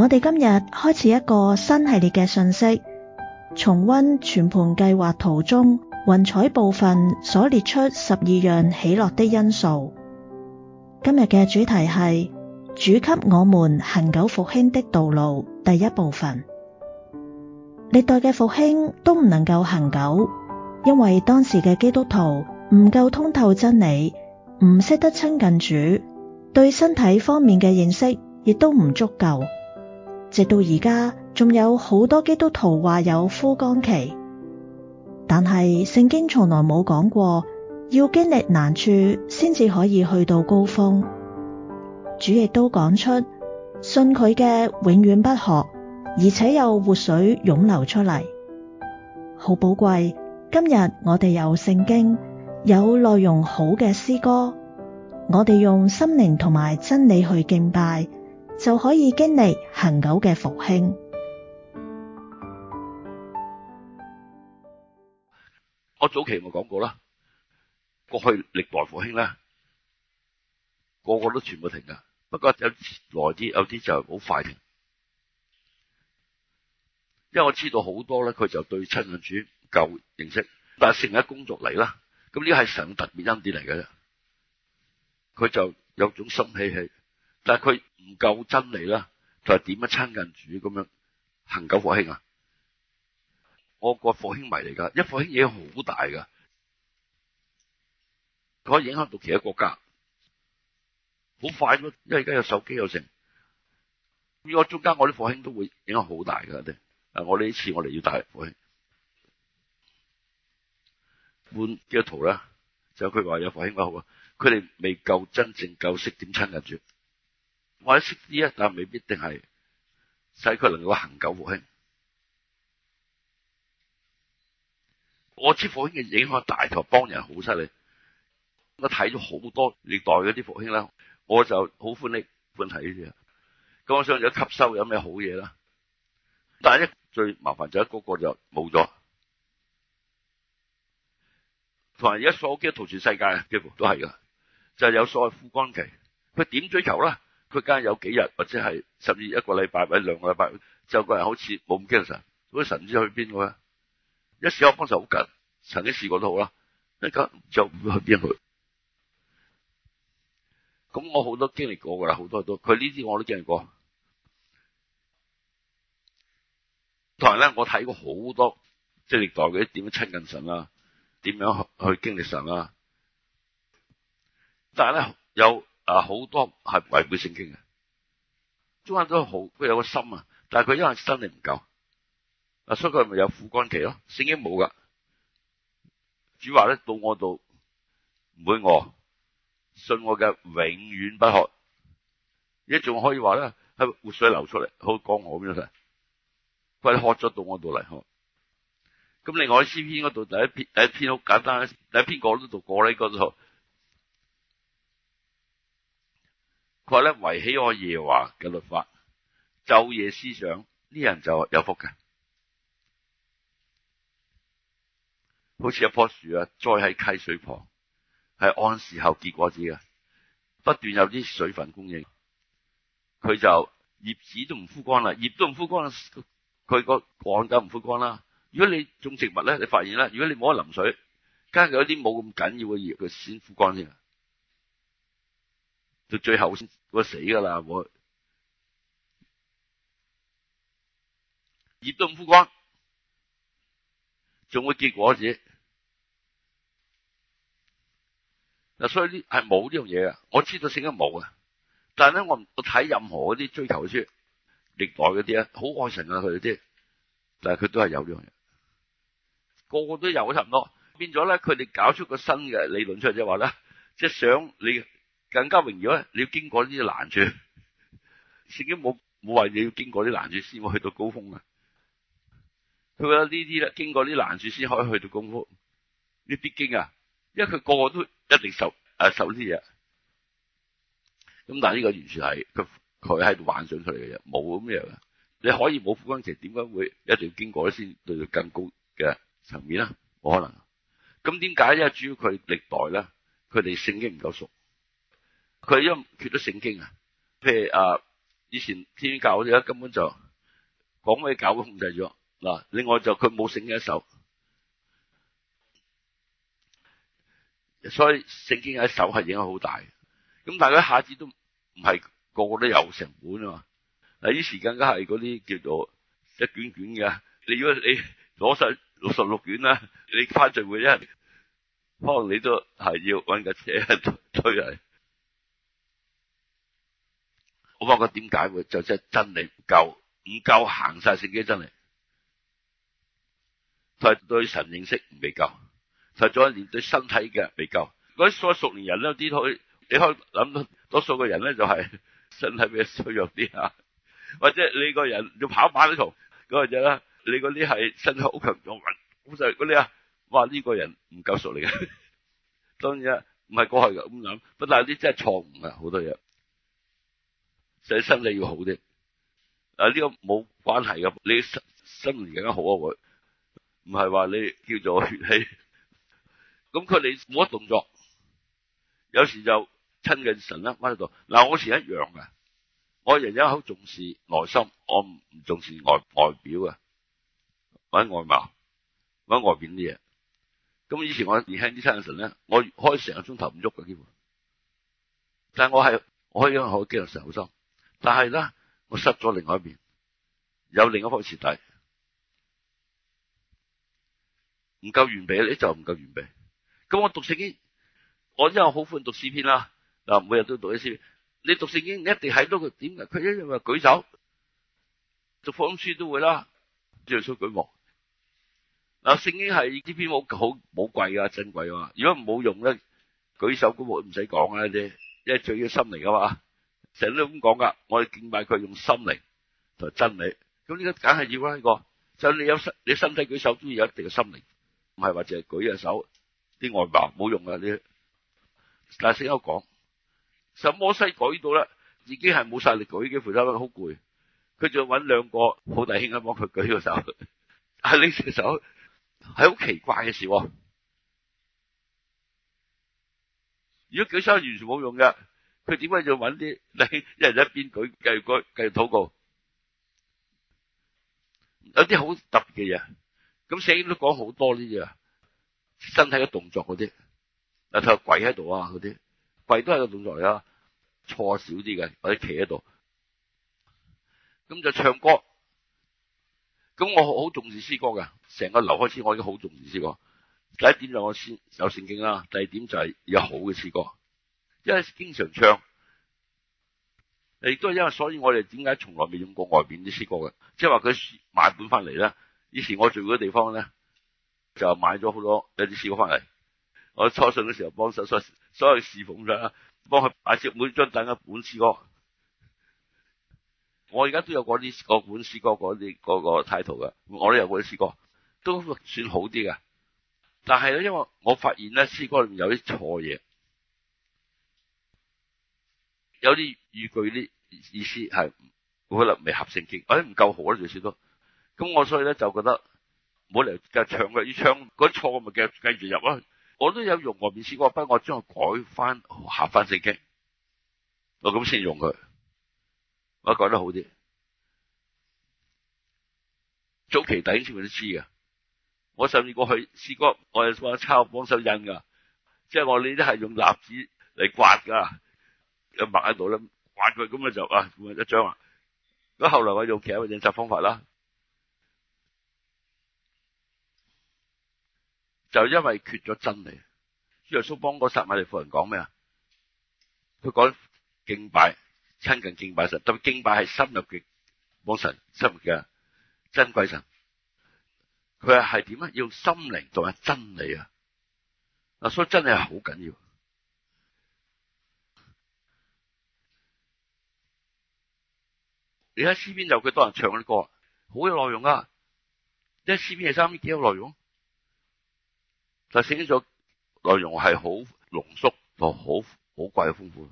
我哋今日開始一個新系列嘅信息，重溫全盤計劃圖中雲彩部分所列出十二樣喜樂的因素。今日嘅主題係主給我們恆久復興的道路，第一部分。歷代嘅復興都唔能夠恆久，因為當時嘅基督徒唔夠通透真理，唔識得親近主，對身體方面嘅認識亦都唔足夠。直到而家仲有好多基督徒話有枯乾期，但係聖經從來冇講過要經歷難處先至可以去到高峰。主亦都講出信佢嘅永遠不渴，而且有活水湧流出嚟，好寶貴。今日我哋有聖經，有內容好嘅詩歌，我哋用心靈同埋真理去敬拜。就可以經歷恒久嘅復興。我早期我講過啦，過去歷代復興咧，個個都全部停噶，不過有耐啲，有啲就好快停。因為我知道好多咧，佢就對親信主唔夠認識，但係成日工作嚟啦，咁呢係神特別恩典嚟噶啫，佢就有種心喜氣。但係佢唔夠真理啦，就係點樣親近主咁樣恆久復興啊？我個復興迷嚟噶，一復興嘢好大噶，可以影響到其他國家，好快咁，因為而家有手機有成。如果中間我啲復興都會影響好大噶。我呢次我哋要帶復興，換幾個圖啦。就佢話有復興好啊，佢哋未夠真正夠識點親近主。我識啲啊，但係未必定係使佢能夠恆久復興。我知復興嘅影響大，同埋幫人好犀利。我睇咗好多歷代嗰啲復興啦，我就好歡喜歡睇呢啲啊。咁我想有吸收有咩好嘢啦。但係咧，最麻煩就係嗰個就冇咗，同埋而家所有嘅逃竄世界啊，幾乎都係噶，就係有所謂枯乾期，佢點追求啦？佢間有幾日，或者係甚至一個禮拜或者兩個禮拜，就個人好似冇咁驚神，佢神知去邊個咧。一時我光時好緊，曾經試過都好啦，一間就唔知去邊個。咁我好多經歷過噶啦，好多好多。佢呢啲我都經歷過。同埋咧，我睇過好多即係歷代嗰啲點樣親近神啊，點樣去經歷神啊。但係咧有。啊，好多係違背聖經嘅，中間都好，佢有個心啊，但係佢因為真理唔夠，啊，所以佢咪有苦乾期咯。聖經冇噶，主話咧到我度唔會餓，信我嘅永遠不渴，而家仲可以話咧係活水流出嚟，好講我邊度，佢係渴咗到我度嚟渴。咁另外喺詩篇度第一篇第一篇好簡單，第一篇過呢度過呢個。佢咧，惟喜愛耶和華嘅律法，晝夜思想，呢人就有福嘅。好似一棵樹啊，栽喺溪水旁，係按時候結果子嘅，不斷有啲水分供應，佢就葉子都唔枯乾啦，葉都唔枯乾啦，佢個幹梗唔枯乾啦。如果你種植物咧，你發現啦，如果你冇得淋水，梗係有啲冇咁緊要嘅葉，佢先枯乾先。到最後先會死噶啦，我葉都唔枯乾，仲會結果嘅。嗱，所以呢係冇呢樣嘢嘅，我知道聖經冇嘅。但係咧，我睇任何嗰啲追求嘅書，歷代嗰啲咧好愛神啊，佢啲，但係佢都係有呢樣嘢，個個都有差唔多。變咗咧，佢哋搞出個新嘅理論出嚟，即係話咧，即係想你。更加榮耀咧！你要經過啲難處，聖經冇冇話你要經過啲難處先會去到高峰啊？佢覺得呢啲咧，經過啲難處先可以去到高峰，你必經啊，因為佢個個都一定受啊、呃、受呢啲嘢。咁但係呢個完全係佢佢喺度幻想出嚟嘅嘢，冇咁樣嘅。你可以冇苦幹期，點解會一定要經過先對到更高嘅層面咧？冇可能。咁點解？因為主要佢歷代咧，佢哋聖經唔夠熟。佢因缺咗聖經啊，譬如啊，以前天主教嗰啲根本就講咩教都控制咗嗱，另外就佢冇聖經喺手，所以聖經喺手係影響好大。咁大家一下子都唔係個個都有成本啊嘛，嗱啲時間更加係嗰啲叫做一卷卷嘅，你如果你攞晒六十六卷啦，你翻聚會一人可能你都係要揾架車推嚟。就是我發覺點解會就即係真理唔夠，唔夠行晒自己真理，對對神認識未夠，再再連對身體嘅未夠。嗰啲所謂熟年人咧，啲可以你可以諗到，多數嘅人咧就係身體比較脆弱啲啊，或者你個人要跑馬拉松嗰陣咧，你嗰啲係身體好強壯，好晒嗰啲啊，哇呢個人唔夠熟嚟嘅。當然啊，唔係過去咁諗，但係啲真係錯誤啊，好多嘢。使身體要好啲，啊呢個冇關係嘅，你身身型更加好啊！我唔係話你叫做血氣，咁佢哋冇乜動作，有時就親近神啦，翻喺度。嗱，我以前一樣嘅，我人一口重視內心，我唔重視外外表嘅，搵外貌，搵外邊啲嘢。咁以前我年輕啲親近神咧，我可以成個鐘頭唔喐嘅，基本上。但係我係我可以喺我肌肉受傷。但係咧，我失咗另外一邊，有另一幅舌底，唔夠完備咧就唔夠完備。咁我讀聖經，我真係好歡喜讀詩篇啦。嗱，每日都讀啲詩篇。你讀聖經一定睇到佢點解？佢一樣話舉手，讀福音書都會啦，照樣舉目。嗱，聖經係呢篇好好冇貴噶珍貴啊如果冇用咧，舉手舉目都唔使講啦，啲一罪一心嚟噶嘛成日都咁講噶，我哋敬拜佢用心靈同真理。咁呢個梗係要呢個。就你有身，你身體舉手都要有一定嘅心靈，唔係話淨係舉隻手啲外貌冇用噶。你大聲有講。就摩西舉到咧，已經係冇晒力舉，負擔好攰。佢仲要揾兩個好大兄咁幫佢舉個手，係你隻手，係好奇怪嘅事。如果舉手完全冇用嘅。佢點解要揾啲？一人一邊舉，繼續舉，繼續禱告。有啲好特別嘅嘢。咁聖經都講好多呢啲啊，身體嘅動作嗰啲。啊，如跪喺度啊，嗰啲跪都係個動作嚟啊，坐少啲嘅，或者企喺度。咁就唱歌。咁我好好重視詩歌㗎。成個流開始我已經好重視詩歌。第一點就我先有聖經啦，第二點就係有好嘅詩歌。因為經常唱，亦都係因為所以，我哋點解從來未用過外邊啲詩歌嘅？即係話佢買本翻嚟咧。以前我住嗰啲地方咧，就買咗好多一啲詩歌翻嚟。我初信嘅時候幫手，所所有侍奉上，幫佢擺喺每張凳一本詩歌。我而家都有啲嗰本詩歌嗰啲嗰個 title 嘅，我都有啲詩歌，都算好啲嘅，但係咧，因為我發現咧，詩歌裏面有啲錯嘢。有啲語句啲意思係可能未合聖經，哎唔夠好咯，仲少多。咁我所以咧就覺得唔好嚟，嘅唱嘅要唱，嗰啲錯我咪繼繼續入啊。我都有用外面試過，不過我將佢改翻合翻聖經，我咁先用佢，我覺得改得好啲。早期弟兄們都知㗎。我甚至過去試過，我有試過抄幫手印噶，即係我哋都係用蠟紙嚟刮噶。一擘喺度咧玩佢，咁咪就啊，換一張啊！咁後來我用其他引習方法啦，就因為缺咗真理。耶穌幫嗰撒瑪利亞婦人講咩啊？佢講敬拜，親近敬拜神，但係敬拜係深入嘅，幫神深入嘅珍貴神。佢話係點啊？要心靈同埋真理啊！所以真理係好緊要。你睇詩篇就佢多人唱嗰啲歌，好有內容啊，一詩篇二三篇幾有內容，就寫清楚內容係好濃縮同好好貴豐富。